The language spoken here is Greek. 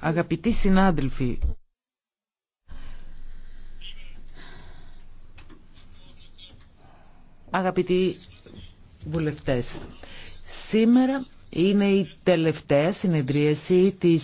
Αγαπητοί συνάδελφοι, αγαπητοί βουλευτές, σήμερα είναι η τελευταία συνεδρίαση της